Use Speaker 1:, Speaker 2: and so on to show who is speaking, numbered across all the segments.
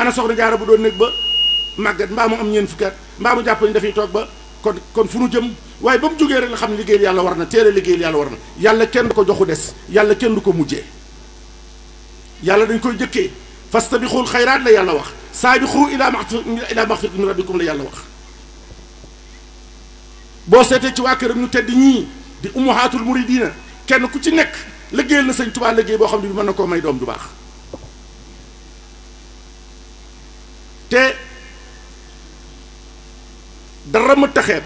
Speaker 1: انا سخنا جارا بو دون نيك با ماغات مبا مو ام نين فكات مبا مو جاب ني دافي توك با كون كون فونو جيم واي بام جوغي رك خامي ليغي يالا ورنا تيرا ليغي يالا ورنا يالا كين دوكو جوخو ديس يالا كين دوكو موجي يالا دنج كوي جيكي فاستبخوا الخيرات لا يالا واخ سابخوا الى مغفرة الى مغفرة من ربكم لا يالا واخ بو سيتي تي وا كيرم نيو تيد ني دي امهات المريدين كين كو تي نيك ليغي نا سيغ توبا ليغي بو خامي بي مانا كو ماي دوم دو باخ te dara ma taxeet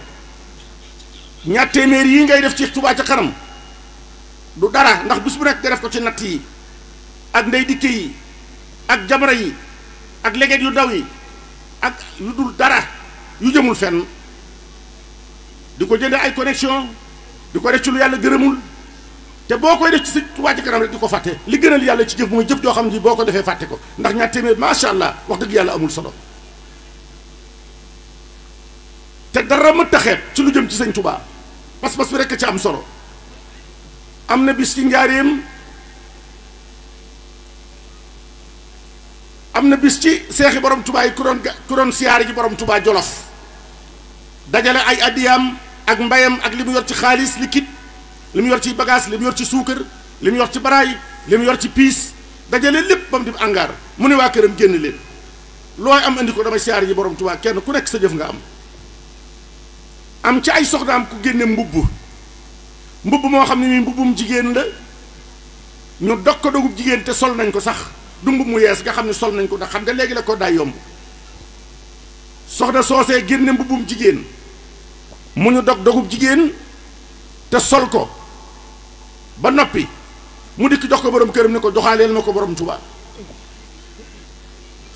Speaker 1: ñaar yi ngay def ci Touba ca kanam du dara ndax bis bu nekk nga def ko ci natt yi ak ndey dikke yi ak jabara yi ak leget yu daw yi ak yu dul dara yu jëmul fenn di ko jënde ay connexion di ko def ci lu yàlla gërëmul te boo koy def ci si Touba Ca Kanam rek di ko fàtte li gënal yàlla ci jëf mooy jëf joo xam ne boo ko defee fàtte ko ndax ñaar téeméer macha allah wax dëgg yàlla amul solo te dara ma taxeet ci lu jëm ci sëñ Touba pas-pas bi rek ci am solo am na bis ci njaareem am na bis ci seexi borom Touba yi ku doon ku doon siyaare ji borom Touba Jolof dajale ay addiyaam ak mbayam ak li mu yor ci xaalis liquide. li mu yor ci bagage li mu yor ci suukar li mu yor ci baraay li mu yor ci piis dajale lépp ba mu dem angaar mu ne waa këram génn leen looy am indi ko damay siyaar yi borom Tuubaa kenn ku nekk sa jëf nga am am ci ay soxnaam ku génne mbubb mbubb moo xam ne mi mbubbum jigéen la ñu dog ko dogub jigéen te sol nañ ko sax du mbubb mu yees nga xam ne sol nañ ko ndax xam nga léegi la ko daay yomb soxna soosee génne mbubbum jigéen mu ñu dog dogub jigéen te sol ko ba noppi mu dikk jox ko borom këram ne ko joxaaleel ma ko borom Tuubaa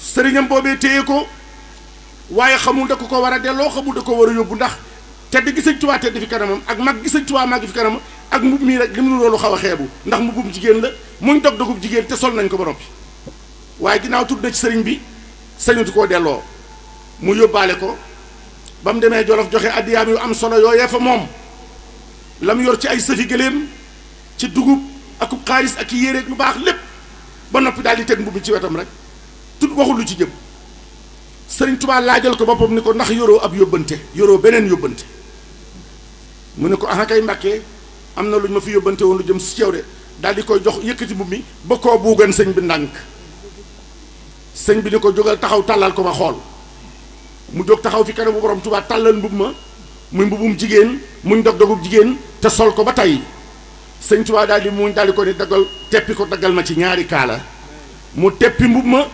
Speaker 1: sëriñam boobee téye ko waaye xamul da ko ko war a delloo xamul da ko war a yóbbu ndax tedd gi sëñ Tuubaa tedd fi kanamam ak mag gi sëñ Tuubaa mag fi kanamam ak mbubb mii rek lim nu loolu xaw a xeebu ndax mbubbum jigéen la muñ dog dogub jigéen te sol nañ ko ba noppi waaye ginnaaw tudd na ci sëriñ bi sañatu koo delloo mu yóbbaale ko ba mu demee Jolof joxe addiyaam yu am solo yooyee fa moom la mu yor ci ay sëfi gëléem ci dugub ak xaalis ak yére lu baax lépp ba noppi daal di teg mbubb ci wetam rek tut waxul lu ci jëm sëriñ Tuubaa laajal ko boppam ni ko ndax yoroo ab yóbbante yoroo beneen yóbbante mu ne ko ah kay mbàkkee am na lu ñu ma fi yóbbante woon lu jëm si ceew de daal di koy jox yëkkati mbubb mi ba koo buugan sëñ bi ndànk sëñ bi ni ko jógal taxaw tàllal ko ma xool mu jóg taxaw fi kanamu borom Tuubaa tàllal mbubb ma muy mbubbum jigéen muñ dog dogub jigéen te sol ko ba tey sëñ Tuubaa daal di muuñ daal di ko ni daggal teppi ko daggal ma ci ñaari kaala mu teppi mbubb ma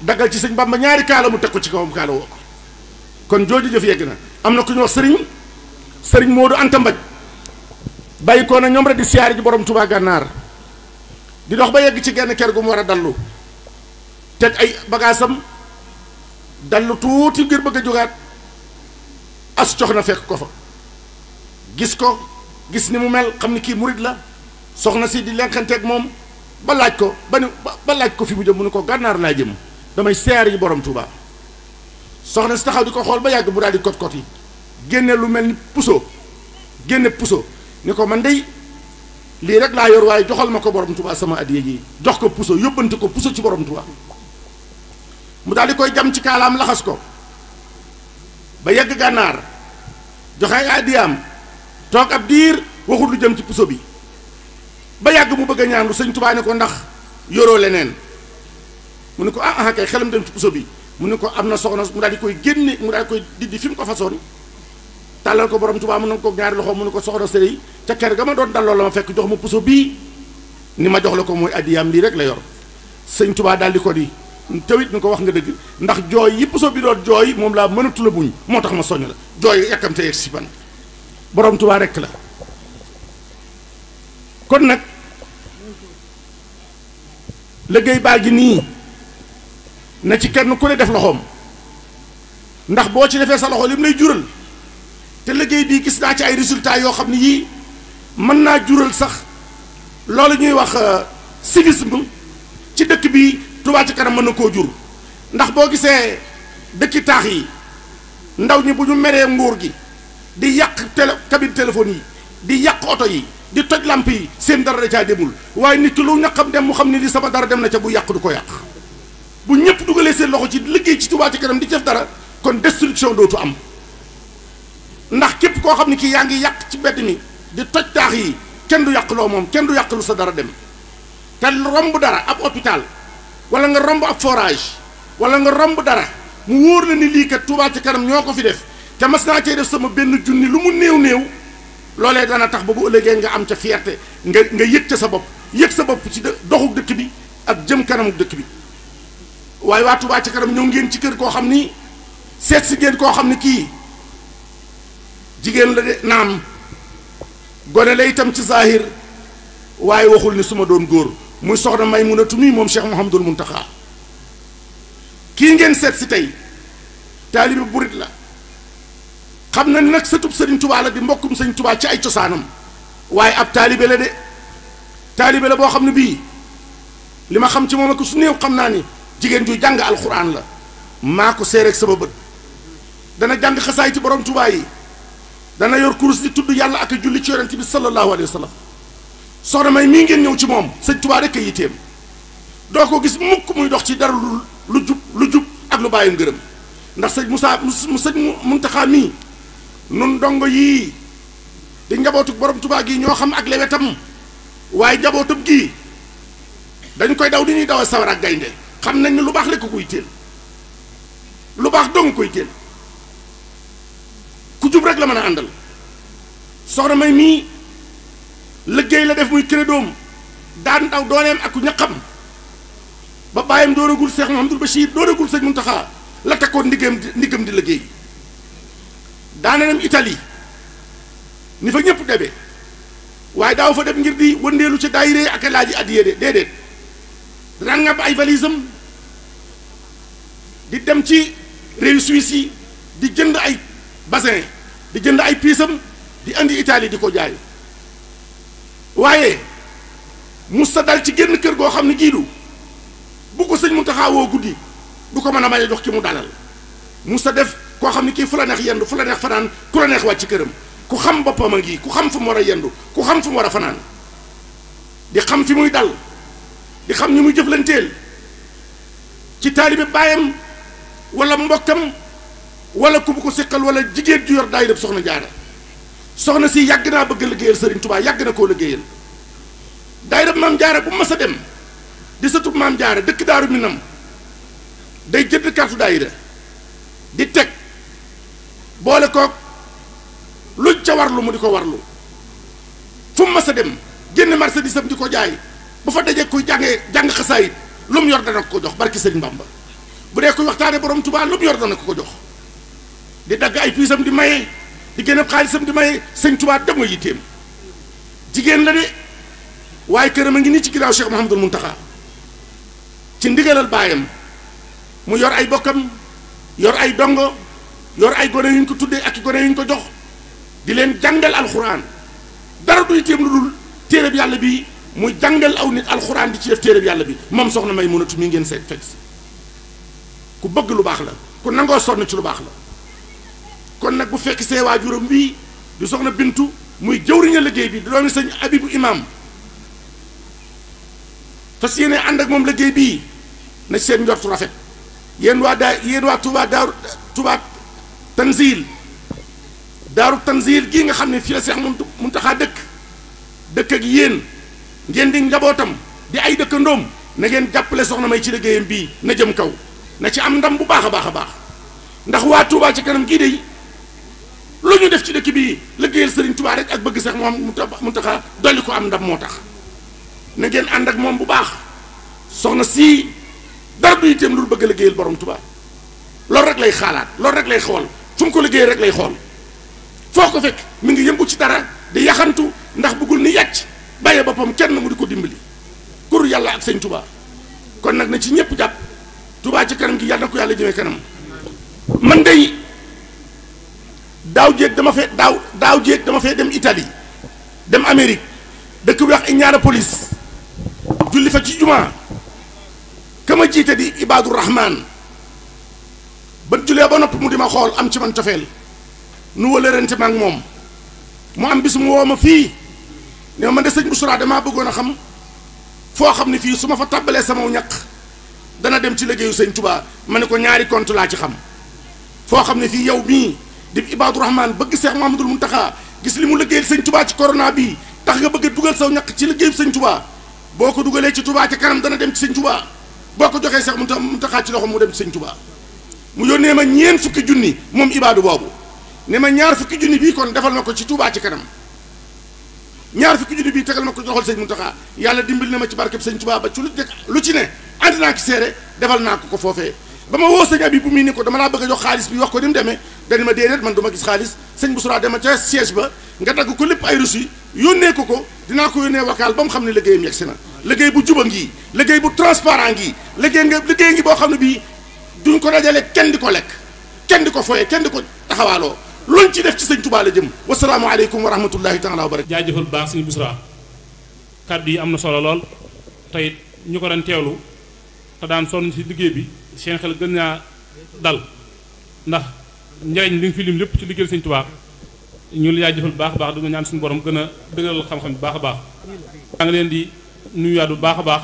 Speaker 1: daggal ci sëñ ma ñaari kaala mu teg ko ci kawam kaala woo ko kon jooju jëf yegg na am na ku ñu wax sëriñ sëriñ Moodu Anta Mbaj bàyyi koo na ñoom rek di siyaari ji borom tubaa gànnaar di dox ba yegg ci genn ker gu mu war a dallu teg ay bagaasam dallu tuuti ngir bëgg a jógaat as cox na fekk ko fa gis ko gis ni mu mel xam ni kii murit la soxna si di lenqanteeg moom ba laaj ko ba ni ba laaj ko fi mu jëm mu ne ko gànnaar laa jëm damay seer yi boroom Touba soxna si taxaw di ko xool ba yàgg bu daal di kot kot yi génne lu mel ni puso génne puso ni ko man dey lii rek laa yor waaye joxal ma ko borom Touba sama addiya ji jox ko puso yóbbante ko puso ci borom Touba mu daal di koy jam ci kaalaam laxas ko ba yàgg gànnaar joxe ay addiyaam toog ab diir waxul lu jëm ci puso bi. ba yag mu bëgg ñaanu ñaandu sëñ tubaa ne ko ndax yoro leneen mu ne ko ah ah kay xelam dem ci puso bi mu ne ko amna soxna mu daal di koy génne mu daal di koy diddi fi mu ko fasoon tàllal ko borom tuba mu ne ko ñaari loxo mu ne ko soxna sëriñ ca kër ga ma doon dalloo la ma fekk jox ma puso bi ni ma jox la ko mooy adiyam lii rek la yor sëñ tuba daal di ko di tawit ni ko wax nga dëgg ndax jooy yi puso bi doon jooy moom laa mënatu la buñ moo tax ma soññ la jooy yàkkamte yegg si ban borom tuba rek la kon nag liggéey baa gi nii na ci kenn ku ne def loxoom ndax boo ci defee sa loxo lim lay jural te liggéey bii gis naa ci ay résultats yoo xam ne yii mën naa jural sax loolu ñuy wax euh, civisme ci dëkk bi Touba ci Kanam mën na koo jur ndax boo gisee dëkki taax yi ndaw ñi bu ñu meree nguur gi di yàq télé cabine téléphone yi di yàq oto yi di toj lamp yi seen dara da ca demul waaye nit ki lu xam dem mu xam ni li sama dara dem na ca bu yaq du ko yaq bu ñepp duggalé seen loxo ci liggéey ci tuba ci kanam di def dara kon destruction dootu am ndax képp koo xam ne kii yaa ngi yàq ci bedd mi di toj taax yi kenn du yàq loo moom kenn du yàq lu sa dara dem te romb dara ab hôpital wala nga romb ab forage wala nga romb dara mu wóor la ni lii kat tuba ci kanam ñoo ko fi def te mas naa def sama benn junni lu mu néew néew loole dana tax ba bu ëllëgee nga am ca fierte nga nga yëg ca sa bopp yëg sa bopp ci doxuk dëkk bi ak jëm kanamuk dëkk bi waaye waa Touba ca kanam ñëw ngeen ci kër koo xam ni seet si ngeen koo xam ni kii jigéen la de naam gone la itam ci zahir waaye waxul ni su ma doon góor muy soxna may mun a tumi moom Cheikh Mouhamadul Muntaxa kii ngeen seet si tey taalibi burit la xamna nañ nag sëtub sëriñ tubaa la di mbokum serigne touba ci ay ciosanam waye ab talibé la de talibé la bo xamni bi lima xam ci momako ak su néew xam ni jigen ju jàng alquran la mako ko seereeg sama bët dana jàng xassay ci borom touba yi dana yor kurs di tuddu yàlla ak julli ci yaronte bi sallallahu alayhi wasallam sallam soxna may mi ngeen ñëw ci mom serigne touba rek a yitteem ko gis mukk muy dox ci dara lu jup lu jup ak lu bàyyum gërëm ndax serigne Moussa serigne sëñ mi nun dongo yii di njabootu borom Tuubaa gi ñoo xam ak lewetam waaye njabootam gii dañ koy daw di ñuy daw sawar ak gaynde xam nañ ne lu baax rekk kuy téel lu baax dong koy téel ku jub rek la mën a àndal soxna may mii liggéey la def muy crédoom daan daw dooleem ak ñaqam ba bàyyam doonagul Seex Muhammadul Bachir doonagul Sëñ Muntaxa la takkoon ndigam ndigam di liggéey daana dem Italie ni fa ñëpp debe waaye daaw fa dem ngir di wëndeelu ca daayire ak laaji addiye de déedéet danaan ngàbb ay valisam di dem ci réew Suisse yi di jënd ay bassin di jënd ay piisam di indi itali di ko jaay waaye musta dal ci génn kër goo xam ne giidu bu ko sëñ mu taxawoo guddi du ko mën a may jox ki mu dalal musta def koo xam ne kii fu la neex yendu fu la neex fanaan ku la neex wàcc këram ku xam boppam a ngi ku xam fu mu war a yendu ku xam fu mu war a fanaan di xam fi muy dal di xam ñu muy jëflanteel ci taalibe baayam wala mbokkam wala ku ko siqal wala jigéen ju yor daay def soxna jaara soxna si yàgg naa bëgg liggéeyal sëriñ tubaa yàgg na koo liggéeyal daay def maam jaara bu mas a dem di satub maam jaara dëkk daaru minam day jënd kartu daayira di teg boole koog luñ ca warlu mu di ko warlu fu mu mës a dem génn marchandise am di ko jaay bu fa dajee kuy jànge jàng xasaayit lu yor dana ko ko jox barki sëñ Bamba bu dee kuy waxtaane borom tubaa lu yor dana ko ko jox di dagg ay piisam di maye di génn xaalisam di maye sëñ Tuubaa dem yitteem jigéen la de waaye këram a ngi nii ci ginnaaw Cheikh Mouhamadul Muntaxa ci ndigalal baayam mu yor ay bokkam yor ay dongo yor ay gone yuñ ko tuddee ak gone yuñ ko jox di leen jàngal alxuraan dara duy téem lu dul téereb yàlla bi muy jàngal aw nit alxuraan di ci def téereb yàlla bi moom soxna may mënatu mi ngeen seet fekk si ku bëgg lu baax la ku nangoo sonn ci lu baax la kon nag bu fekk see waajuram wii di soxna bintu muy jëwriña liggéey bi di doomi sëñ abibu imam fas yéene ànd ak moom liggéey bii na seen njortu rafet yéen waa daa yéen waa tubaa daa tubaa tanzil daaru tanzil gii nga xam ne fii la seex muntaxaa dëkk dëkk ak yéen ngeen di njabootam di ay dëkkandoom na ngeen jàppale soxna may ci liggéeyam bii na jëm kaw na ci am ndam bu baax a baax a baax ndax waa Touba ci kanam gii de lu ñu def ci dëkk bii liggéeyal Serigne Touba rek ak bëgg sax moom mun muntaxaa dolli ko am ndam moo tax na ngeen ànd ak moom bu baax soxna sii dara du itam lu bëgg a liggéeyal borom Touba loolu rek lay xaalaat loolu rek lay xool. fu mu ko liggéey rek lay xool foo ko fekk mi ngi yëngu ci dara di yaxantu ndax bëggul ni yàcc bàyyee boppam kenn mu di ko dimbali kuru yàlla ak sëñ tubaa kon nag na ci ñëpp jàpp tubaa ci kanam gi yàlla na ko yàlla jëmee kanam man day daaw jéeg dama fee daaw daaw jéeg dama fee dem itali dem Amérique dëkk bi wax ñaara police julli fa ci jumaa ka ma jiite di Ibaadu ba julee ba nopp mu di ma xool am ci man cofeel nu wëlërante maag moom mu am bis mu woo ma fii ne ma man de sëñ Bouchra damaa bëggoon a xam foo xam ne fii su ma fa tàbbalee sama ñaq dana dem ci liggéeyu sëñ tuba ma ne ko ñaari compte laa ci xam foo xam ne fii yow mii di ibadu Rahman bëgg Cheikh Mouhamadoul Mountakha gis li mu liggéeyal sëñ tuba ci corona bii tax nga bëgg a dugal saw ñaq ci liggéeyu sëñ tuba boo ko dugalee ci tuba ci kanam dana dem ci sëñ tuba boo ko joxee Cheikh Mountakha ci loxo mu dem ci sëñ tuba mu yónnee ma ñeen fukki junni moom ibaadu boobu ne ma ñaar fukki junni bii kon defal ma ko ci Tuubaa ci kanam ñaar fukki junni bii tegal ma ko joxol sëñ Muntaxa yàlla dimbali na ma ci barkeb sëñ Tuubaa ba ci lu ci ne ànd naa ki seere defal naa ko ko foofee ba ma woo sëñ abi bu muy ni ko dama laa bëgg a jox xaalis bi wax ko ni mu demee dani ma déedéet man du ma gis xaalis sëñ Boussra dama ca siège ba nga dagg ko lépp ay reçu yónnee ko ko dinaa ko yónnee wakaal ba mu xam ne liggéeyam yegsi na liggéey bu juba ngii liggéey bu transparent ngii liggéey nga boo xam ne bii duñ ko dajale kenn di ko lekk kenn di ko foye kenn di ko taxawaaloo luñ ci def ci sëñ Tuubaa
Speaker 2: la jëm wasalaamu aleykum wa rahmatullahi taala wa barak jaajëfal baax sëñ Busra kàddu yi am na solo lool tey ñu ko daan teewlu te daan sonn ci liggéey bi seen xel gën naa dal ndax njariñ li nga fi lim lépp ci liggéeyal sëñ Tuubaa ñu la jaajëfal baax baax dina ñaan suñu borom gën a dëgëral xam-xam bi baax a baax daa nga leen di nuyuwaat bu baax a baax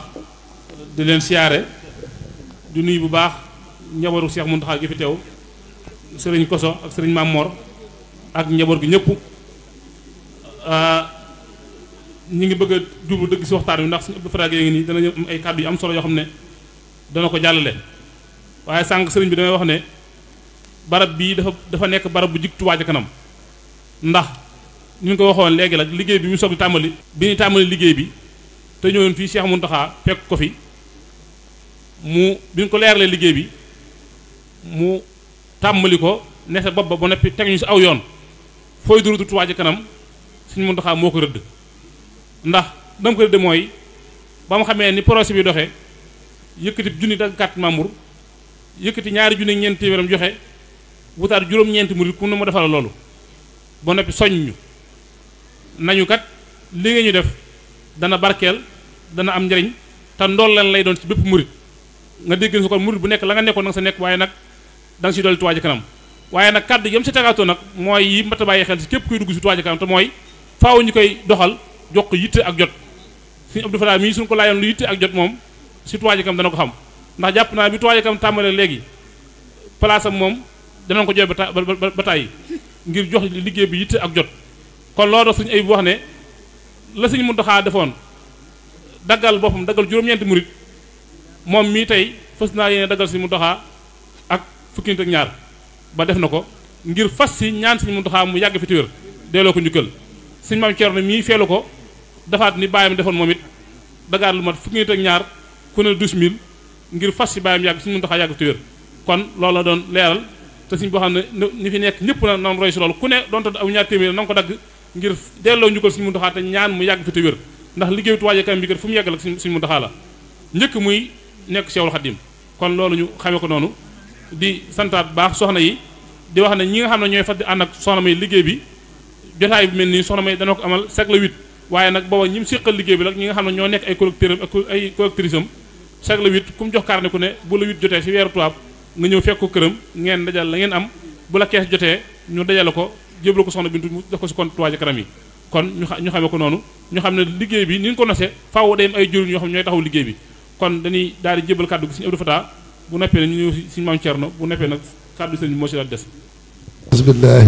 Speaker 2: di leen siyaare du nuyu bu baax njaboru seex Mountakha gi fi teew sëriñ Koso ak sëriñ Mamor ak njaboot gi ñëpp euh, ñu ngi bëgg a jublu dëgg si waxtaan wi ndax suñu ëpp frage ngi nii dana am ay kàddu yi am solo yoo xam ne dana ko jàllale waaye sànq sëriñ bi damay wax ne barab bii dafa dafa nekk barab bu jig Touba kanam ndax ñu ngi ko waxoon léegi la liggéey bi mu soog di tàmbali bi ñuy tàmbali liggéey bi te ñëwoon fii Cheikh Mountakha fekk ko fi mu bi ñu ko leeralee liggéey bi mu tàmbali ko ne sa bopp ba ba noppi teg ñu si aw yoon fooy duru du Touba Ca Kanam suñu Muntaxaa moo ko rëdd ndax dama ko rëdd mooy ba mu xamee ni projet bi doxe yëkkati junni dagg carte membre yëkkati ñaari junni ñeenti téeméeram joxe wutaat juróom-ñeenti murid ku ne ma defal loolu ba noppi soññu nañu kat li ñu def dana barkeel dana am njariñ te ndool leen lay doon ci bépp murid nga dégg su kon murid bu nekk la nga nekkoon nag sa nekk waaye nag da nga siy dolli Touba Kanam waaye na kàddu yam sa tegaatoo nag mooy yi mbat xel si képp kuy dugg si Touba Ca Kanam te mooy faaw ñu koy doxal jox ko yitte ak jot suñu Abdou Fatah mii suñu ko laajoon lu yitte ak jot moom si Touba Ca Kanam dana ko xam ndax jàpp naa bi Touba Ca Kanam tàmbalee léegi place am moom dana ko jooy ba ba tàyyi ngir jox liggéey bi yitte ak jot kon loolu suñu ay wax ne la suñu Muntaxaa defoon daggal boppam daggal juróom-ñeenti moom mii tey fës naa yéene daggal suñu Muntaxaa fukki nit ak ñaar ba def na ko ngir fas si ñaan Sëriñ Muntaxa mu yàgg fi téwér delloo ko njukkal Sëriñ Maam Cerno mii feelu ko dafaat ni bàyyam defoon moom it dagaar lu mat fukki nit ak ñaar ku ne douze mille ngir fas si bàyyam yàgg Sëriñ Muntaxa yàgg fi téwér kon loolu la doon leeral te suñ boo xam ne ñi fi nekk ñëpp na nam roy si loolu ku ne donte aw ñaar téeméer na nga ko dagg ngir delloo njukkal Sëriñ Muntaxa te ñaan mu yàgg fi téwér ndax liggéey Touba ca kanam bi kat fu mu yeggal ak Sëriñ Muntaxa la njëkk muy nekk Seexul Xadim kon loolu ñu xamee ko noonu di santaat baax soxna yi di wax ne ñi nga xam ne ñooy fas di ànd ak soxna may liggéey bi jotaay bi mel nii soxna may dana ko amal chaque le huit waaye nag booba ñi mu liggéey bi nag ñi nga xam ne ñoo nekk ay collecteurs ak ay collectrices am jox carnet ne bu le huit jotee si weeru tubaab nga ngeen dajal la ngeen am la kees jotee ñu dajale ko jébal ko soxna bintu mu def ko si compte Touba ca kanam yi kon ñu ñu ñu xam ne liggéey bi ni ñu ko nosee faaw day am ay jëriñ yoo xam ne ñooy taxaw liggéey bi kon dañuy daal di jébal kàddu gi suñu Abdou Fatah بسم الله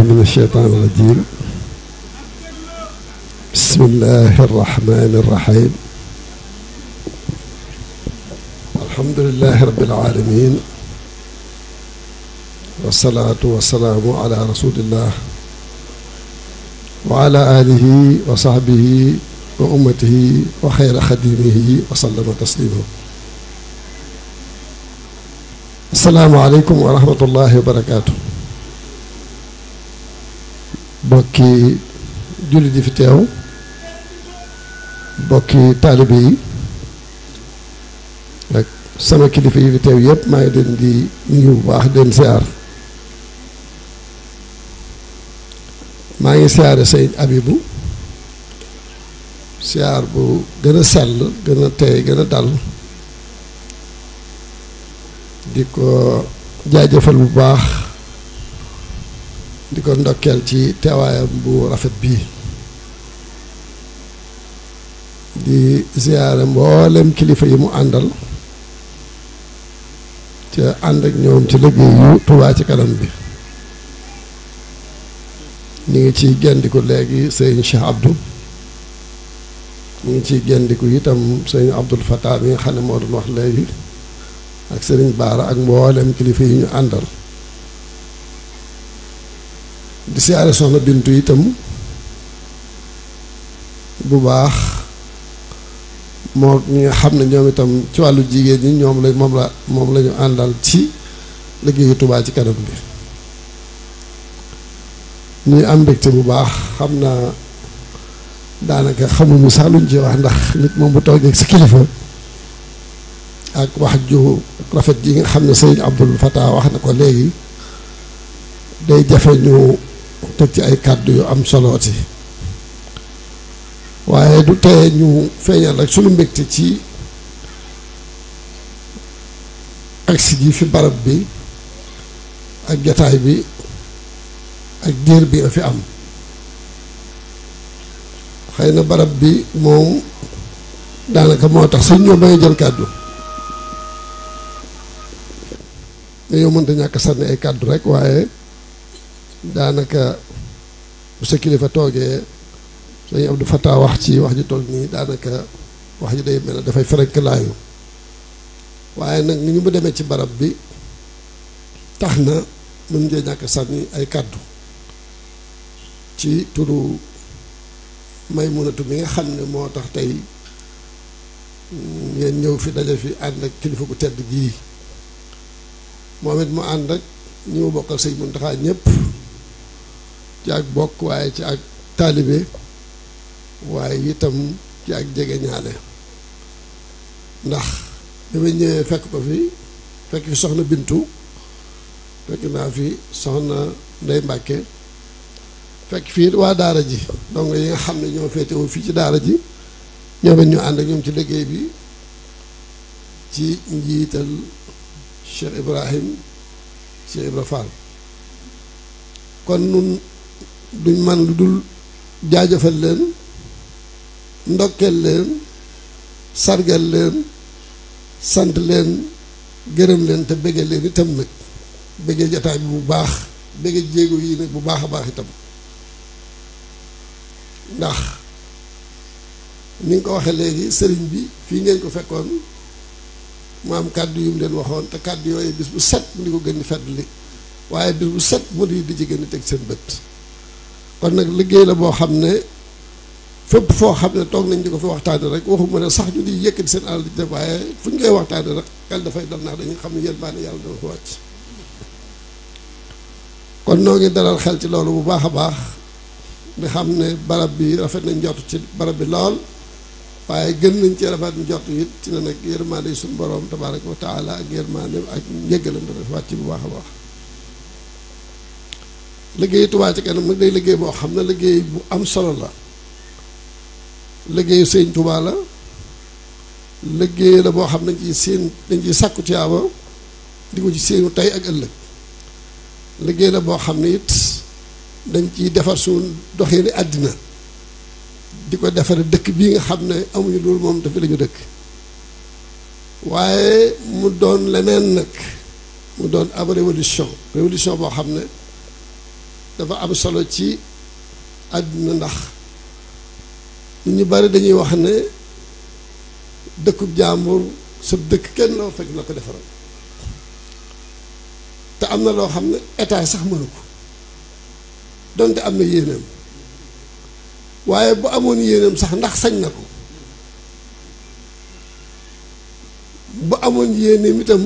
Speaker 3: من الشيطان الرجيم. بسم الله الرحمن الرحيم. الحمد لله رب العالمين. والصلاة والسلام على رسول الله وعلى آله وصحبه وأمته وخير خديمه وسلم تسليمه. asalaamaaleykum wa rahmatullahi wa barakaatu bokki jullit yi fi teew bokki taalibe yi sama kilifa yi fi teew yëpp maa ngi leen di nuyu bu baax den siyaar maa ngi siyaare Sëñ Abibu siyaar bu gën a sell gën a tey gën a dal di ko jaajëfal bu baax di ko ndokkeel ci teewaayam bu rafet bii di ziyaare mboolem kilifa yi mu àndal ca ànd ak ñoom ci liggéeyu Touba ci kanam bi ñu ngi ciy gendiku léegi sëñ Cheikh Abdou ñu ngi ciy gendiku itam sëñ Abdoul Fatah mi nga moo doon wax léegi ak sëriñ Baara ak mboolem kilifa yi ñu àndal di siyaare soxna Bintu itam bu baax moo ñi nga xam ne ñoom itam ci wàllu jigéen ñi ñoom la moom la moom la àndal ci liggéeyu Touba ci kanam bi ñuy am mbégte bu baax xam naa daanaka xamuñu sax luñ ci wax ndax nit moom bu toogee ci kilifa. ak wax ju rafet ji nga xam ne sëriñ Abdul Fattah wax na ko léegi day jafe ñu teg ci ay kàddu yu am solooti waaye du teye ñu feeñal rek sunu mbégte ci agsi ji fi barab bi ak jataay bi ak diir bi nga fi am xëy na barab bi moom daanaka moo tax sëñ ñoo ba jël kàddu dañoo mënta ñàkk sànni ay kàddu rek waaye daanaka bu sa kilifa toogee sëñ Abdou Fatah wax ci wax ji toll nii daanaka wax ji day mel ne dafay ferenk laayu waaye nag ni ñu mu demee ci barab bi tax na mën ngeen ñàkk sànni ay kàddu ci turu Maymunatu mi nga xam ne moo tax tey ngeen ñëw fi daje fi ànd ak kilifa gu tedd gii moom it mu ànd ak ñi mu bokkal sëñ Muntaxa ñëpp ci ak bokk waaye ci ak taalibe waaye itam ci ak jege ñaale ndax bi ñëwee fekk ko fi fekk fi soxna Bintu fekk naa fi soxna Ndey Mbàkke fekk fii waa daara ji donc yi nga xam ne ñoo féetewoo fii ci daara ji ñoom ñu ànd ak ñoom ci liggéey bi ci njiital Cheikh Ibrahim Cheikh Ibra Fall kon nun duñ man lu dul jaajëfal leen ndokkeel leen sargal leen sant leen gërëm leen te béggee leen itam nag béggee jataay bi bu baax béggee jéego yi nag bu baax a baax itam ndax ni nga ko waxee léegi sëriñ bi fii ngeen ko fekkoon mu am kàddu yu mu leen waxoon te kàddu yooyu bis bu set mu di ko gën di fàttali waaye bis bu set mu di di ci gën di teg seen bët kon nag liggéey la boo xam ne fépp foo xam ne toog nañ di ko fa waxtaane rek waxuma ne sax ñu di yëkkati seen alal di def waaye fu ñu koy waxtaane rek xel dafay dal ndax dañu xam ne yéen baa ne yàlla dafa ko wàcc kon noo ngi dalal xel ci loolu bu baax a baax di xam ne barab bi rafet nañ jot ci barab bi lool waaye gën nañ ci rafet njort it ci ne nag yërmaande suñu borom tabaaraka wa taala ak yërmaandeem ak njëggalam dana wàcc bu waax a baax liggéey Touba Ca Kanam nag day liggéey boo xam ne liggéey bu am solo la liggéeyu sëñ Touba la liggéey la boo xam ne dañ ciy seen dañ ciy sàkku tiyaaba di ko ci seenu tey ak ëllëg liggéey la boo xam ne it dañ ciy defar su doxee ni àddina diko defal dëkk bi nga xamne amuñu lool mom dafa lañu dëkk waye mu doon leneen nak mu doon ab révolution révolution bo xamne dafa am solo ci aduna ndax ñu bari dañuy wax ne dekk jaamur sa dëkk kenn lo fekk la defal defaral te am na loo état sax mënu ko donte amna na waaye bu amoon yéeneem sax ndax sañ na ko bu amoon yéeneem itam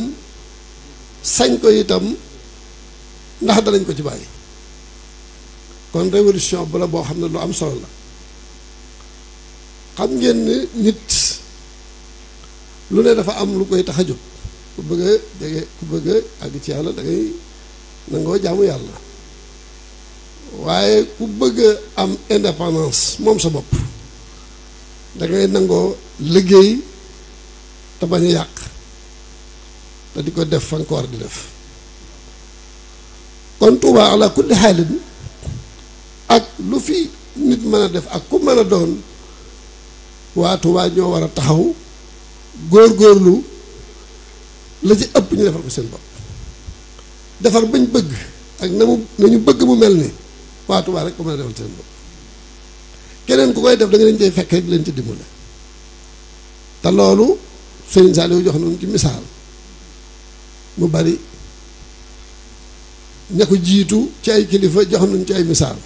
Speaker 3: sañ ko itam ndax danañ ko ci bàyyi kon révolution bu la boo xam ne lu am solo la xam ngeen ne nit lu ne dafa am lu koy tax a jóg ku bëgg a jege ku bëgg a àgg ci yàlla da ngay nangoo jaamu yàlla waye ku bëgg am indépendance mom sa bop da ngay nango liggéey ta bañu a yàq te di ko def fa nga di def kon Tuuba ala kulli xaalin ak lu fi nit mën def ak ku mën a doon waa Tuuba ñoo war a taxaw góor-góorlu la ci ëpp ñu defal ko seen bopp defar bañ bëgg ak na mu bëgg mu mel waa Tuubaa rek ko mën a defal seen bopp keneen ku koy def da nga leen cay fekk rek leen ci dimbale te loolu Serigne Saliou jox nañu ci misaal mu bari ña jiitu ci ay kilifa jox nañu ci ay misaal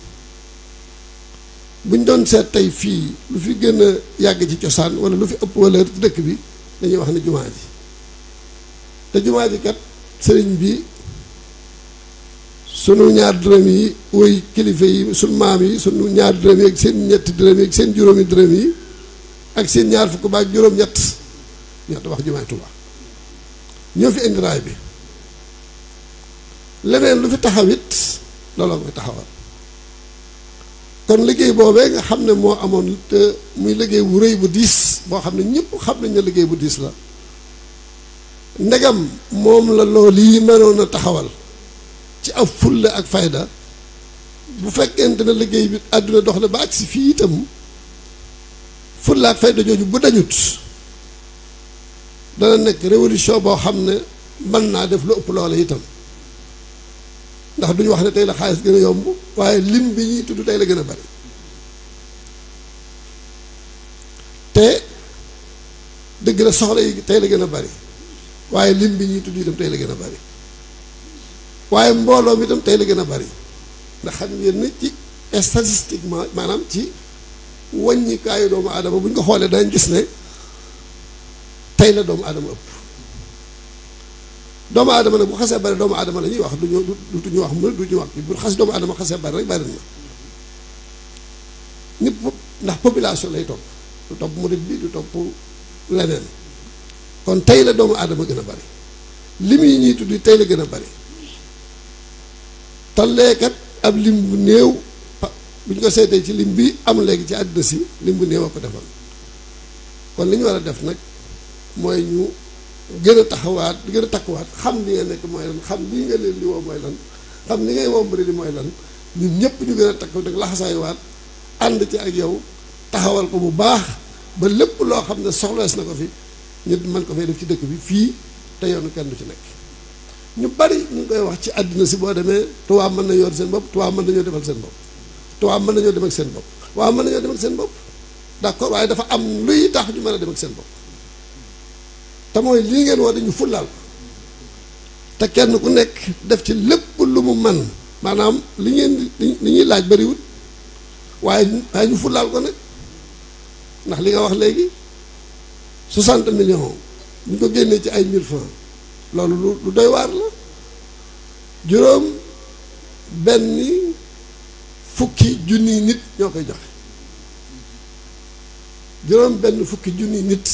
Speaker 3: buñ doon seet tey fii lu fi gën a yàgg ci cosaan wala lu fi ëpp wala dëkk bi dañuy wax ne jumaa ji te jumaa sëriñ bi sunu ñaar dërëm yi woy kilifa yi sunu maam yi sunu ñaar dërëm yi ak seen ñett dërëm yi ak seen juróomi dërëm yi ak seen ñaar fukk ba ak juróom-ñett ñett wax jumaay Tuubaa ñoo fi indi raay bi leneen lu fi taxawit looloo koy taxawal kon liggéey boobee nga xam ne moo amoon te muy liggéey bu rëy bu diis boo xam ne ñëpp xam nañ ne liggéey bu diis la ndegam moom la loolu yi mënoon a taxawal ci ab fulla ak fayda bu fekkente ne liggéey bi àdduna dox na ba agsi fii itam fulla ak fayda jooju bu dañut dana nekk révolution boo xam ne mën naa def lu ëpp loole itam ndax duñu wax ne tey la xaalis gën a yomb waaye lim bi ñuy tudd tey la gën a bari te dëgg la soxla yi tey la gën a bari waaye lim bi ñuy tudd itam tey la gën a bari waaye mbooloo mi itam tey la gën a bari ndax xam ngeen ne ci statistiquement maanaam ci wàññikaayu doomu aadama buñ ñu ko xoolee dañ gis ne tey la doomu aadama ëpp doomu adama nag bu xasee bari doomu aadama la wax du ñu du ñu wax mu du ñu wax bu xas doomu aadama xasee bari rek bari na nit ndax population lay topp du topp murit bi du topp leneen kon tey la doomu aadama gën a bari li muy ñuy tudd tey la gën a bari tolleekat ab lim bu néew bu ko sété ci lim bi am légui ci àdduna si lim bu néew ko defal kon liñ wara def nak moy ñu gëna taxawaat gëna a takkuwaat xam ni nga nek moy lan xam lii nga leen li wo moy lan xam ni ngay wombari di moy lan ñun ñëpp ñu gën a takku nag waat and ci ak yow taxawal ko bu baax ba lepp lo xamne ne soxlees na ko fi ñu man ko fay def ci dëkk bi fi te yoonu kenn du ci nekk ñu bari ñu koy wax ci àddina si boo demee tubaab mën na yor seen bopp tubaab mën nañoo defal seen bopp tubaab mën nañoo dem ak seen bopp waaw man nañoo dem ak seen bopp d'accord waaye dafa am luy tax ñu mën a dem ak seen bopp te mooy lii ngeen woote ñu fullaal te kenn ku nekk def ci lépp lu mu man maanaam li ngeen li ñuy laaj bariwut waaye waaye ñu fullaal ko nag ndax li nga wax léegi 60 millions bu ñu ko génnee ci ay 1000 lolu lu doy war la juróom benn fukki junni nit ñoo koy joxe juróom benn fukki junni nit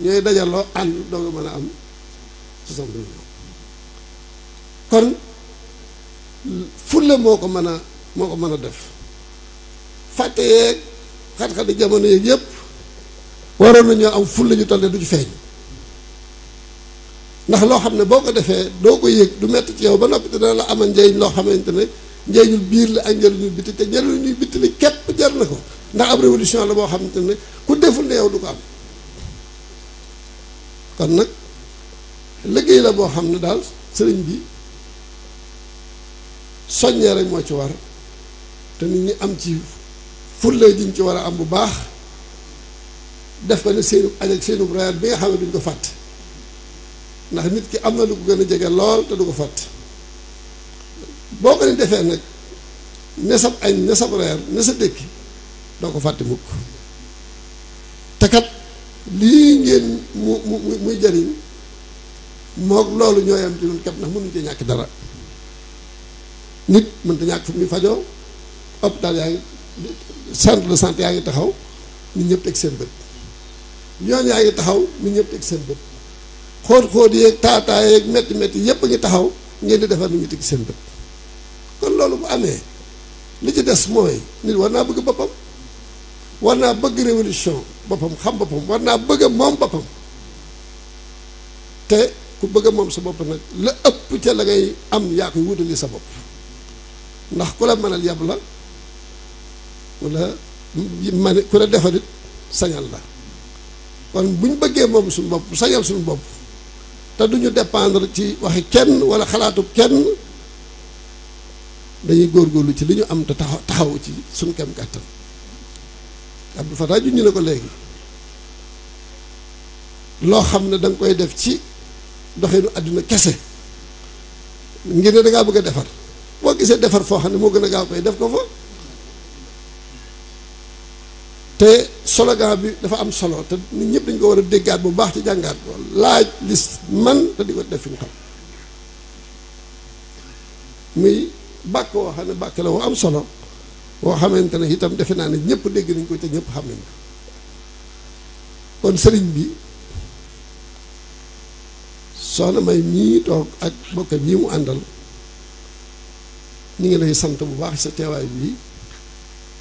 Speaker 3: ñooy dajaloo ànd do nga mën a am 60 millions kon fulle moo ko mën a moo ko mën a def fàtte yeeg xat-xati jamono yeeg yépp waroon nañoo am fulle ñu toll du ci feeñ ndax loo xam ne boo ko defee doo ko yëg du metti ci yow ba noppi dana la amal njëriñ loo xamante ne njëriñul biir la ak njëriñul biti te njëriñul biti li képp jar na ko ndax ab révolution la boo xamante ne ku deful ne yow am kon nag liggéey la boo xam ne daal sëriñ bi soññee rek moo ci war te nit ñi am ci fulle jiñ ci war a am bu baax def ko ne seenub aj ak seenub reer bi nga xam ne duñ ko fàtte ndax nit ki am na lu ko gën a jege lool te du ko fàtte boo ko ni defee nag ne sab añ ne sab reer ne sa ko fàtte mukk te lii ngeen mu jariñ moog loolu ñooy am ci ñun kat ndax mënuñ dara nit mën muy fajoo hôpital yaa ngi centre yaa ngi taxaw nit ñëpp teg seen bët yoon yaa ngi taxaw nit ñëpp teg seen bët xool xool yeeg taataa yeeg métti métti yep ngi taxaw ngeen di defal ngi tik teg seen bët kon loolu bu amee li ci des mooy nit war naa bëgg boppam war naa bëgg révolution boppam xam boppam war naa bëgg moom boppam te ku bëgg moom sa bopp nag la ëpp ca la ngay am yaa koy wutali sa bopp ndax ku la mënal yab la wala mane ku la defarit sañal la kon bu ñu bëggee moom suñu bopp sañal suñu bopp te duñu dépendre ci waxi kenn wala xalaatu kenn dañuy góor góorlu ci li ñu am te taxaw taxaw ci suñ kem kàttan Abdou Fatah ju ñu ne ko léegi loo xam ne da koy def ci doxinu àdduna kese ngir ne da ngaa bëgg a defar boo gisee defar foo xam ne moo gën a gaaw koy def ko fa te slogan bi dafa am solo te nit ñepp dañ ko wara a déggaat bu baax ci jàngaat ko laaj lis man te di ko def fi xam muy bàkk woo xam ne bàkk la am solo woo xamante ne itam defe naa ne ñëpp dégg nañ ko te ñëpp xam nañ ko kon sëriñ bi soxna may mii toog ak bokk bii mu àndal ñi ngi lay sant bu baax sa teewaay bii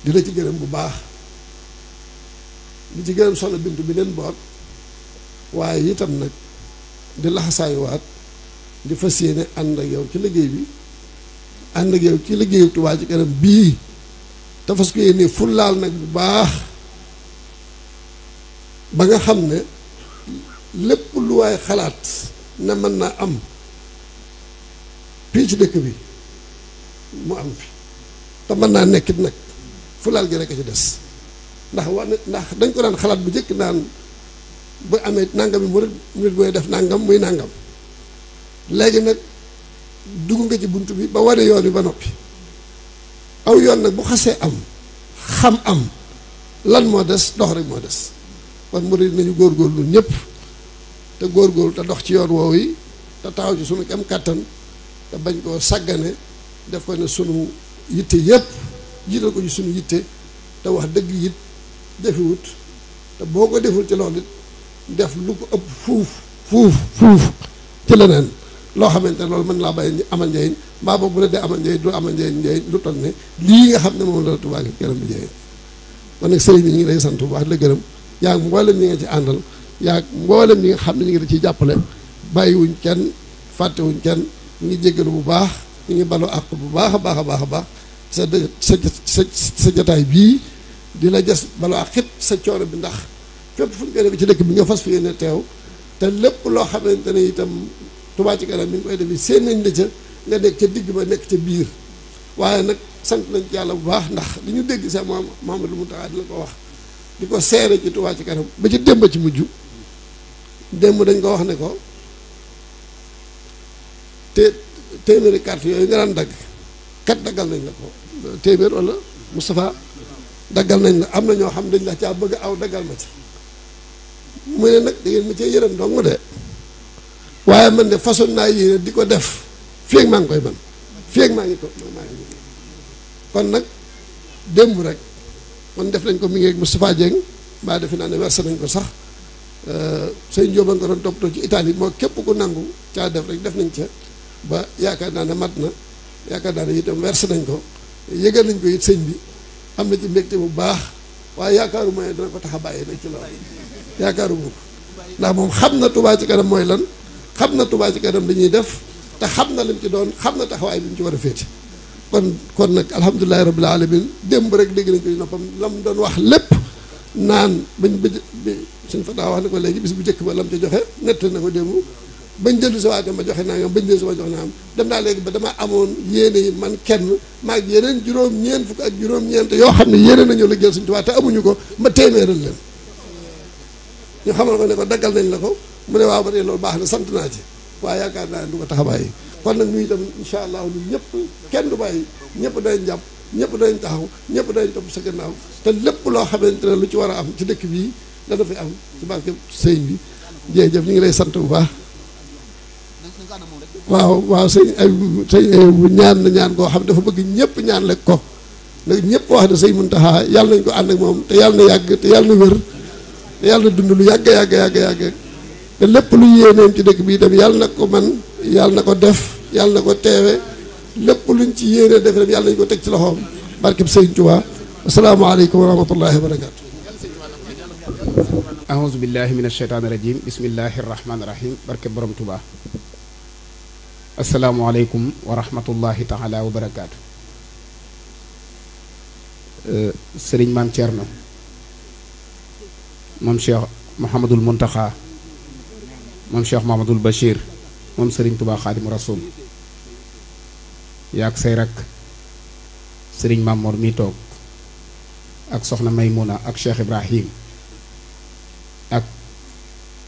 Speaker 3: di la ci gërëm bu baax li ci gën a solo bintu bi leen boot waaye itam nag di laxasaayuwaat di fas yéene ànd ak yow ci liggéey bi ànd ak yow ci liggéeyu Touba ci kanam bii te fas ko yéene fullaal nag bu baax ba nga xam ne lépp lu waay xalaat ne mën naa am fii ci dëkk bi mu am fi te mën naa nekkit nag fullaal gi rekk a ci des ndax wa ndax dañ ko daan xalaat bu njëkk naan bu amee nangam yi murit murit booy def nangam muy nangam léegi nag dugg nga ci bunt bi ba wane yoon yi ba noppi aw yoon nag bu xasee am xam am lan moo des dox rek moo des kon murit nañu góorgóorlu ñëpp te góor góor te dox ci yoon woow yi te taxaw ci sunu kem kàttan te bañ koo sàggane def ko ne sunu yitte yëpp jiital ko ci sunu yitte te wax dëgg yit defiwut te boo ko deful ci loolu def lu ko ëpp fuuf fuuf ci leneen loo xamante ne loolu mën laa bàyyi amal njëriñ mbaa boobu bu la dee amal njëriñ du amal njëriñ njëriñ lu toll ne lii nga xam ne moom la Touba Ca Kanam bi njëriñ man nag sëriñ bi ñu ngi lay sant bu baax la gërëm yaa ngi mboolem ñi nga ci àndal yaa mboolem ñi nga xam ne ñu ngi da ciy jàppale bàyyiwuñ kenn fàttewuñ kenn ñu ngi jéggalu bu baax ñu ngi baloo àq bu baax a baax a baax a baax sa sa sa sa jotaay bii di la jas balaa xit sa coono bi ndax fépp fu ñu koy defee ci dëkk bi nga fas fi yéene teew te lépp loo xamante ne itam Touba ci kanam mi ngi koy defee seen nañ la ca nga nekk ca digg ba nekk ca biir waaye nag sant nañ ci yàlla bu baax ndax li ñu dégg sax moom Mouhamadou Mountakha di la ko wax di ko seere ci Touba ci kanam ba ci démb ci mujj démb dañ ko wax ne ko te téeméeri carte yooyu nga daan dagg kat daggal nañ la ko téeméer wala Moustapha daggal nañ la am na ñoo xam dañ la caa bëgg aw daggal ma ci mu ne nag dangeen ngeen ma cee yërëm dong de waaye man de façon naa yéene di ko def fii ak maa ngi koy man fii ak maa ngi ko maa kon nag démb rek kon def nañ ko mi ngi ak Moustapha Dieng mbaa defe naa ne wersa nañ ko sax euh, sëñ Diop a nga doon toppatoo ci Italie moo képp ku nangu caa def rek def nañ ca ba yaakaar naa ne mat na yaakaar naa ne itam wersa nañ ko yëgal nañ ko it sëñ bi am na ci mbégte bu baax waaye yaakaaruma ne dana ko tax a bàyyi nag ci loolu yaakaaruma ko ndax moom xam na tubaa ci kanam mooy lan xam na Touba ci kanam dañuy def te xam na lim ci doon xam na taxawaay bi mu ci war a féete kon kon nag alhamdulilahi rabbil alamin démb rek dégg nañ ko ci noppam lam doon wax lépp naan bañ ba bi suñ fa daa wax ne ko léegi bis bu njëkk ba lam ca joxe nett na ko démb bañ dellu si waatee ma joxe nangam bañ dellu si ma joxe nangam dem naa léegi ba dama amoon yéene yi man kenn maag yeneen juróom-ñeent fukk ak juróom-ñeent yoo xam ne yéene nañu la jël suñu tubaab te amuñu ko ma téeméeral leen ñu xamal ko ne ko daggal nañ la ko mu ne waaw ba tey loolu baax na sant naa ci waaye yaakaar naa ne du ko tax a bàyyi kon nag ñuy tamit incha allah ñun ñëpp kenn du bàyyi ñëpp dañ jàpp ñëpp dañ taxaw ñëpp dañ topp sa gannaaw te lépp loo xamante ne lu ci war a am ci dëkk bii dana fi am ci barke sëñ bi jërëjëf ñu ngi lay sant bu baax waaw waaw sëñ ay sëñ ñaan na ñaan koo xam dafa bëgg ñëpp ñaan la ko nag ñëpp wax ne sëñ taxaa yàlla nañ ko ànd ak moom te yàlla na yàgg te yàlla na wér te yàlla na dund lu yàgg yàgg yàgg yàgg te lépp lu yéeneem ci dëkk bii dem yàlla na ko man yàlla na ko def yàlla na ko teewe lépp luñ ci yéenee def dem yàlla nañ ko teg ci loxoom barkeb sëñ Tuubaa asalaamaaleykum wa rahmatullahi wa barakaatu ahousubillahi min asheytaani
Speaker 4: rajim bismillahi rahmaani rahim barkeb borom Tuubaa asalaamualeykum wa rahmatullahi taala wa barakaatu sëriñ maam Thierno moom Cheikh Mouhamadul Muntaxa moom Cheikh Mouhamadul Bachir moom sëriñ Touba Xaadimu Rasul yaag say rak sëriñ Maam Mor mi toog ak soxna Maymuna ak Cheikh Ibrahim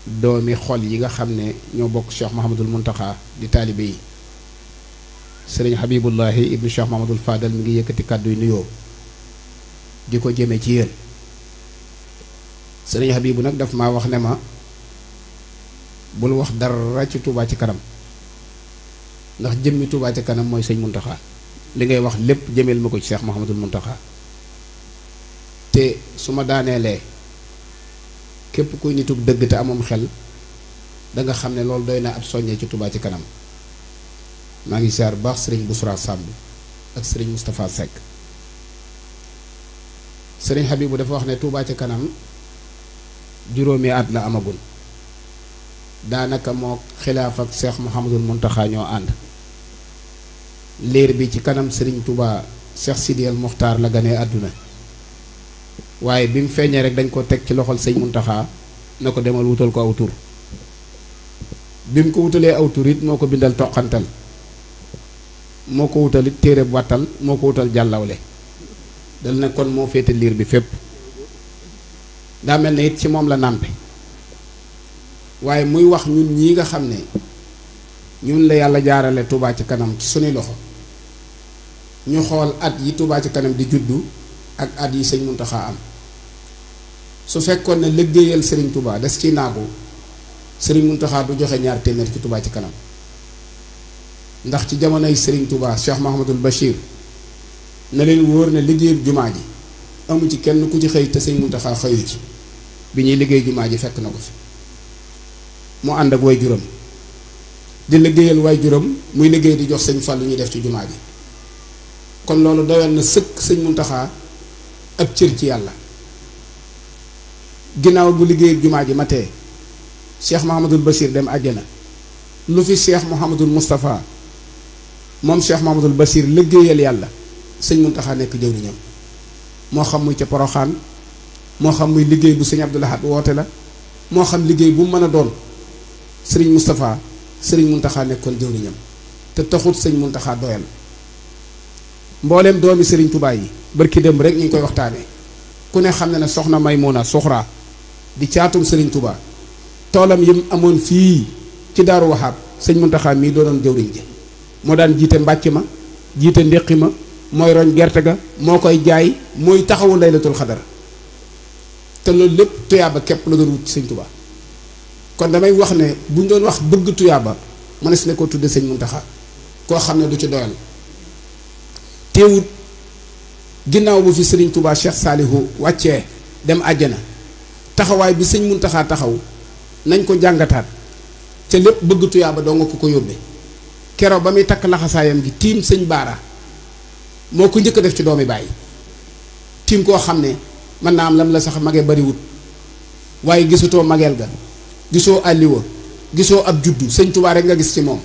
Speaker 4: doomi xol yi nga xam ne ñoo bokk Cheikh Mouhamadul Muntaxa di taalibe yi sëriñ Habibullahi ibnu Cheikh Mouhamadul Fadal mu ngi yëkkati kàdduy nuyoo di ko jëmee ci yéen sëriñ Habibu nag daf ma wax ne ma bul wax dara ci Touba ci kanam ndax mi Touba ci kanam mooy sëñ Muntaxa li ngay wax lépp jëmeel ma ko ci Cheikh Mouhamadul Muntaxa te su ma daaneelee. képp kuy nituk dëgg te amoom xel danga xam ne loolu doy na ab soññee ci Touba ci kanam maa ngi siyaar baax sëriñ Boussra Samb ak sëriñ Moustapha Seck sëriñ Habibou dafa wax ne tuubaa ci kanam juróomi at la amagul daanaka moo xilaaf ak Cheikh Mouhamadul Mountakha ñoo ànd léer bi ci kanam sëriñ Touba Cheikh Sidiel Mokhtar la ganee àdduna waaye bi mu feeñee rek dañ ko teg ci loxol sëñ Muntaxa na ko demal wutal ko aw tur bi mu ko wutalee aw tur it moo ko bindal toqantal moo ko wutal it téere bu wattal moo ko wutal jàllawle dal na kon moo féete liir bi fépp daa mel ne it ci moom la nàmpe waaye muy wax ñun ñii nga xam ne ñun la yàlla jaarale tubaa ci kanam ci suñu loxo ñu xool at yi tubaa ci kanam di juddu ak at yi sëñ Muntaxa am su fekkoon ne liggéeyal Serigne Touba des ci naagu Serigne Mountakha du joxe ñaar téeméer ci Touba ci kanam ndax ci jamonoy sëriñ tubaa Cheikh Mahamadul Bachir na leen wóor ne liggéeyub jumaa ji amu ci kenn ku ci xëy te Serigne Mountakha xëyu ci bi ñuy liggéey jumaa ji fekk na ko fi mu ànd ak way juróom di liggéeyal waaye juróom muy liggéey di jox Serigne lu ñuy def ci jumaa ji kon loolu doyoon na sëkk Serigne Mountakha ab cër ci yàlla. ginaaw bu liggéeyub jumaa ji matee cheikh mahamadul basir dem àjjana lu fi cheikh Mustafa. moustapha moom cheikh mahamadul basir liggéeyal yàlla sëñ muntaxa nekk jëwriñam moo xam muy ca poroxaan moo xam muy liggéey bu sëñ Abdulahat woote la moo xam liggéey bu mën a doon sëriñ moustapha sëriñ muntaxa nekkoon jëwriñam te taxut sëñ muntaxa doyal mbooleem doomi sëriñ tubaay yi barki dem rek ñu ngi koy waxtaane ku ne xam ne soxna maymuna soxra di caatum Serigne Touba toolam yim amoon fii ci Daaru Waxaab sëñ Muntaxa mii doonoon jëwriñ ji moo daan jiite mbàcc ma jiite ndéqi ma mooy roñ gerte ga moo koy jaay mooy taxawu laylatul xadar te loolu lépp tuyaaba képp la doon wut ci sëñ Touba kon damay wax ne buñ doon wax bëgg tuyaaba mënees ne ko tudde sëñ Muntaxa koo xam ne du ci doyal teewut ginnaaw bu fi sëriñ Touba Cheikh Saalihu wàccee dem àjjana taxawaay bi sëñ Muntaxa taxaw nañ ko jàngataat ca lépp bëgg tuyaaba doo nga ko ko yóbbe kero ba muy takk laxasaayam gi tiim sëñ baara moo ko njëkk def ci doomi bàyyi tiim koo xam ne mën naa am lam la sax mage bariwut waaye gisutoo mageel ga gisoo àlliwa gisoo ab juddu sëñ Tuubaa nga gis ci moom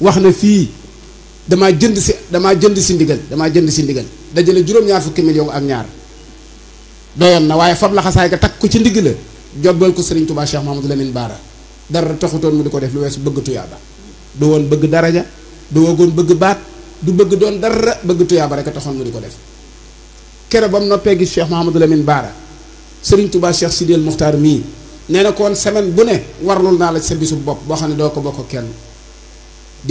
Speaker 4: wax na fii damaa jënd si damaa jënd si ndigal damaa jënd si ndigal dajale juróom-ñaar fukki million ak ñaar doyoon na waaye fab la xasaay ga takk ko ci ndigg la jobbal ko Serigne Touba Cheikh Mahamadou Lamine Baara dara taxutoon mu di ko def lu weesu bëgg tuyaaba du woon bëgg daraja du wogoon bëgg baat du bëgg doon dara bëgg tuyaaba rek a taxoon mu di ko def kere ba mu noppee gis Cheikh Mahamadou Lamine Baara Serigne Touba Cheikh Sidil Muxtaar mii nee na koon semaine bu ne warlul naa la sa bopp boo xam ne doo ko bokk kenn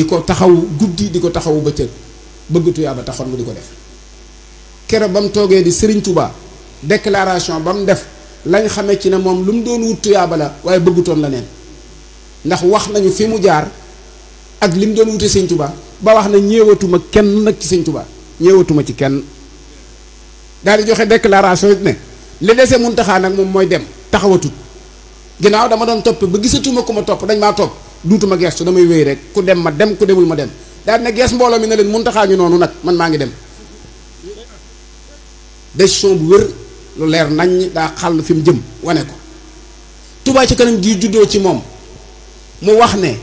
Speaker 4: ko taxaw guddi di ko taxawu bëccëg bëgg tuyaaba taxoon mu di ko def kere ba mu toogee di Serigne Touba. déclaration ba mu def lañ xamee ci ne moom lu mu doon wut tuyaaba la waaye bëggutoon la neen ndax wax nañu fi mu jaar ak li mu doon wute sëñ Tuubaa ba wax na ñëwatuma kenn nag ci sëñ Tuubaa ñëwatuma ci kenn daal di joxe déclaration it ne li dese Muntaxaa nag moom mooy dem taxawatut ginnaaw dama doon topp ba gisatuma ku ma topp dañ maa topp duutuma gestu damay wéy rek ku dem ma dem ku demul ma dem daal ne gees mbooloo mi ne leen Muntaxaa ñu noonu nag man maa ngi dem décision bu wér lu leer nañ daa xàll fi mu jëm wane ko Touba ci kanam gi juddoo ci moom mu wax ne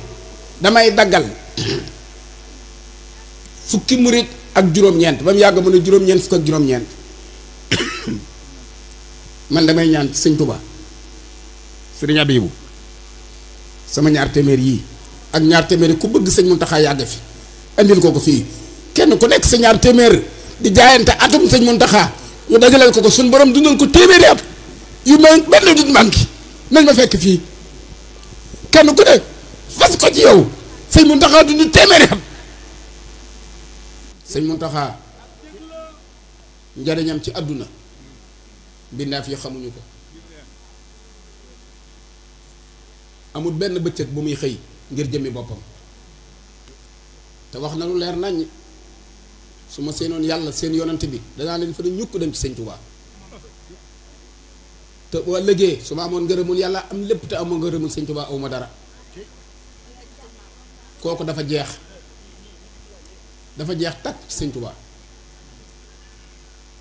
Speaker 4: damay daggal fukki murit ak juróom-ñeent ba mu yàgg mu ne juróom-ñeent fukk ak juróom-ñeent man damay ñaan ci sëñ Touba sëriñ Abibu sama ñaar téeméer yi ak ñaar téeméer ku bëgg sëñ Muntaxa yàgg fi andil ko ko fii kenn ku nekk sa ñaar téeméer di jaayante atum sëñ Muntaxa ñu dajaleen ko ko suñ borom dundal ko téeméeri at yu ma benn dut manqué nañ ma fekk fii kenn ku ne fas ko ci yow sëñ Muntaxa dund téeméeri at sëñ Muntaxa njariñam ci àdduna bindaaf yi xamuñu ko amut benn bëccëg bu muy xëy ngir jëmmi boppam te wax na lu leer nañ suma ma yalla yàlla seen yonante bi na len fa ñuk dem ci sëñ ba te bo legge suma ma amoon yalla am lepp te amoon ngërëmul sëñ Tuubaa awuma dara koku dafa jeex dafa jeex tak ci sëñ Tuubaa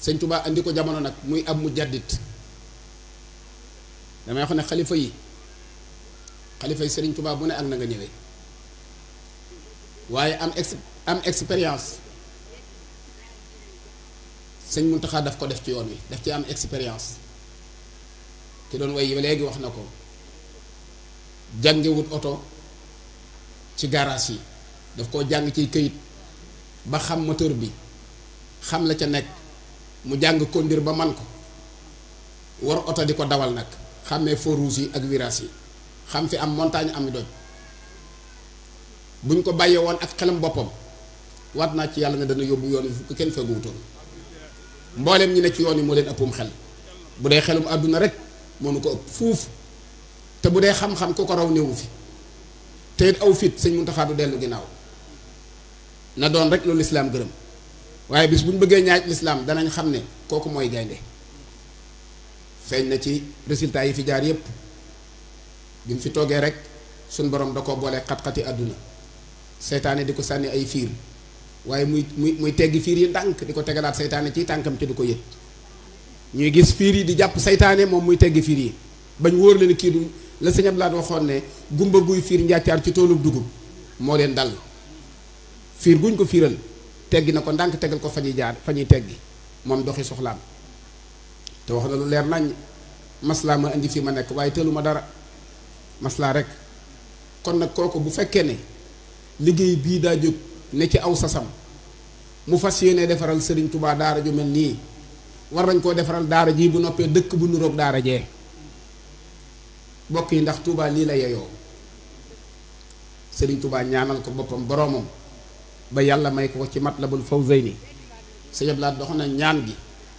Speaker 4: sëñ Tuubaa andi ko jamono nak muy am mu jaddit dama xone khalifa yi khalifa yi sëriñ bu ne ak na nga ñewé waye am ex am experience. sëñ Muntaxa daf ko def ci yoon wi daf ci am expérience ki doon way léegi wax na ko jàngewut oto ci garage yi daf koo jàng ciy këyit ba xam moteur bi xam la ca nekk mu jàng conduire ba man ko war oto di ko dawal nag xàmmee feu rouge yi ak virage yi xam fi am montagne am doj buñ ko bàyyee woon ak xelam boppam waat naa ci yàlla ne dana yóbbu yoon wi fu kenn mbooleem ñi ne ci yoon yi moo leen ëppum xel bu dee xelum àdduna rek moo nu ko ëpp fuuf te bu dee xam-xam ku ko raw néewu fi te it aw fit sëñ Muntaxa du dellu ginnaaw na doon rek loolu lislaam gërëm waaye bis bu ñu bëggee ñaaj lislaam danañ xam ne kooku mooy gaynde feeñ na ci résultat yi fi jaar yépp bi mu fi toogee rek suñ borom da ko boolee xat-xati àdduna seytaane di ko sànni ay fiir waaye muy muy muy teggi fiir yi ndànk di ko tegalaat seytaane ciy tànkam ci du ko yëg ñuy gis fiir yi di jàpp seytaane moom muy teggi fiir yi bañ wóor leen kii du la sëñ laa Lahad waxoon ne gumba guy fiir njàccaar ci toolu dugub moo leen dal fiir guñ ko fiiral teggi na ko ndànk tegal ko fa ñuy jaar fa ñuy teggi moom doxi soxlaam te wax na lu leer nañ maslaa ma indi fi ma nekk waaye tëlu ma dara maslaa rek kon nag kooku bu fekkee ne liggéey bii daa jóg ne ci aw sasam mu fasiyene defaral serigne touba dara ju melni war nañ ko defaral dara ji bu noppé dekk bu nuroog daara jee bokk yi ndax touba li la yeyo serigne touba ñaanal ko bopam boroomam ba yalla may ko ci matlabul fawzaini sëñ laa dox ñaan gi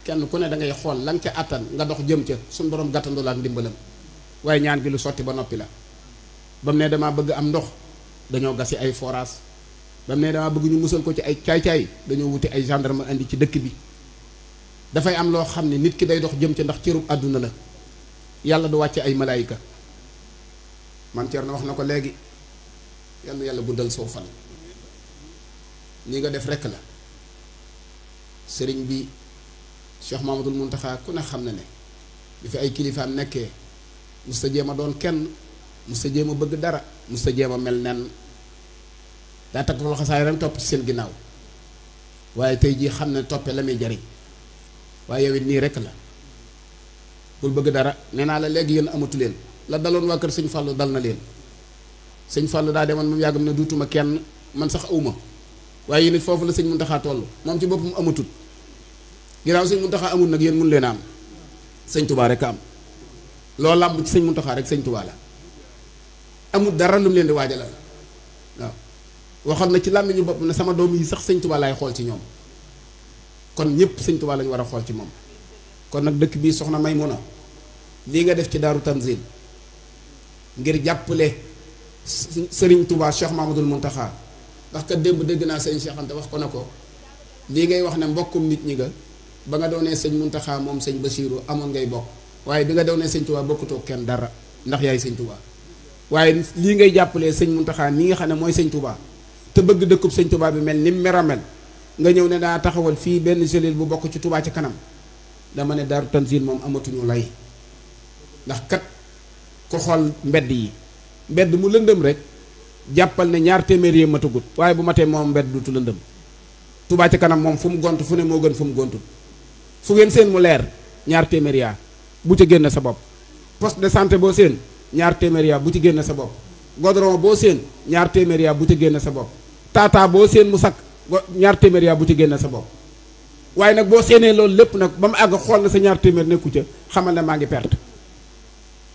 Speaker 4: kenn ku ne da ngay xol lan ci nga dox jëm ci sun borom ndimbalam waye ñaan gi lu soti ba noppi la bam ne dama bëgg am ndox dañoo gasi ay forage ba mu ne damaa bëgg ñu musal ko ci ay caay-caay dañoo wuti ay gendarme indi ci dëkk bi dafay am loo xam ne nit ki day dox jëm ci ndax cërub àdduna la yàlla du wàcce ay malaayika man na wax na ko léegi yàlla yàlla guddal soo fan ni nga def rekk la sëriñ bi Cheikh Mamadou Mountakha ku ne xam ne ne bi fi ay kilifaam nekkee musta jéem a doon kenn musta jéem a bëgg dara musta jéem mel nen daa takk fa laxasaay ram topp ci seen ginnaaw waaye tey jii xam ne toppe la muy jariñ waaye yow nii rek la bul bëgg dara nee naa la léegi yéen amatu leen la daloon waa kër sëñ Fallou dal na leen sëñ Fallou daa demoon moom yàggam ne duutuma kenn man sax awma waaye yéen it foofu la sëñ Muntaxa toll moom ci boppam amatut ginnaaw sëñ Muntaxa amul nag yéen mun leen am sëñ Touba rek am loolu làmb ci sëñ Muntaxa rek sëñ Touba la amul dara lu mu leen di waajalal waxoon na ci làmmiñu bopp na sama doom yi sax sëñ Tuubaa laay xool ci ñoom kon ñëpp sëñ Tuubaa lañu war a xool ci moom kon nag dëkk bii soxna Maymuna lii nga def ci daaru Tanzil ngir jàppale sëriñ Touba Cheikh Mahmadul Muntaxa ndax kat démb dégg naa sëñ Cheikh wax ko na ko lii ngay wax ne mbokkum nit ñi nga ba nga doonee sëñ Muntaxa moom sëñ Basiiru amoon bokk waaye bi nga doonee sëñ bokkutoo kenn dara ndax yaay sëñ Touba waaye lii ngay jàppalee sëñ Muntaxa mi nga xam ne mooy sëñ Touba te bëgg dëkkub sañ tubaab bi mel ni mu mel nga ñëw ne naa taxawal fii benn cellule bu bokk ci Touba ci kanam dama ne Daaru Tanzil moom amatuñu lay ndax kat ku xool mbedd yi mbedd mu lëndëm rek jàppal ne ñaar téeméer yee matagut waaye bu matee moom mbedd dutu lëndëm Touba ci kanam moom fu mu gont fu ne moo gën fu mu gontul fu ngeen seen mu leer ñaar téeméer yaa bu ci génn sa bopp poste de santé boo seen ñaar téeméer yaa bu ci génn sa bopp godron boo seen ñaar téeméer bu ci génn sa bopp taataa boo seen mu sakk ñaar téeméer yaa bu ci génne sa bopp waaye nag boo seenee loolu lépp nag ba mu àgg xool na sa ñaar téeméer nekku ca xamal ne maa ngi perte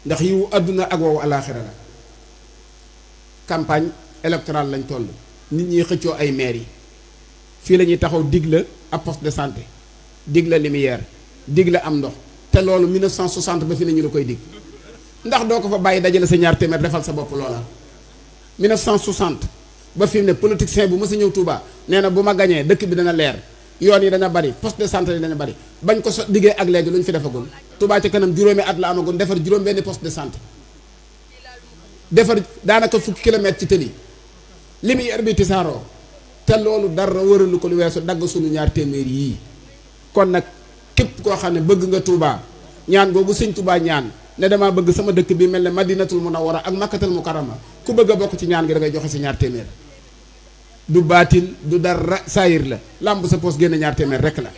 Speaker 4: ndax yiwu àdduna ak woowu alaaxira la campagne électorale lañ toll nit ñi xëccoo ay maire yi fii la ñuy taxaw dig la ab poste de santé dig la lumière dig la am ndox te loolu 1960 ba fi ne ñu la koy dig ndax doo ko fa bàyyi dajale sa ñaar téeméer defal sa bopp loola ba fi mu ne politicien bu mës a ñëw Touba nee na bu ma gañee dëkk bi dana leer yoon yi dana bari poste de santé yi dana bari bañ ko so diggee ak léegi lu fi defagul Touba ci kanam juróomi at la amagoon defar juróom benn poste de santé defar daanaka fukki kilomètre ci tëli li muy ër bi tisaaroo te loolu dara wëralu ko lu weesu dagg sunu ñaar téeméer yii kon nag képp koo xam ne bëgg nga Touba ñaan boobu sëñ Touba ñaan ne damaa bëgg sama dëkk bi mel ne madinatul munawwara ak makkatal mukarrama ku bëgg a bokk ci ñaan gi da ngay joxe si ñaar téeméer du batil, du dar sair la lamb sa pos génn ñaar témèr rek la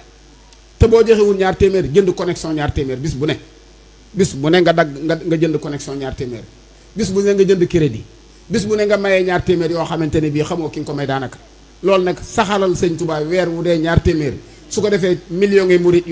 Speaker 4: bo joxé wul ñaar témèr jënd connexion ñaar témèr bis bu né bis bu né nga dag nga jënd connexion ñaar témèr bis bu né nga jënd crédit bis bu né nga mayé ñaar témèr yo xamanténi bi xamoo ki ngi ko may daanaka lool nak saxalal señ touba wër wu dé ñaar témèr su ko défé million ngay mourid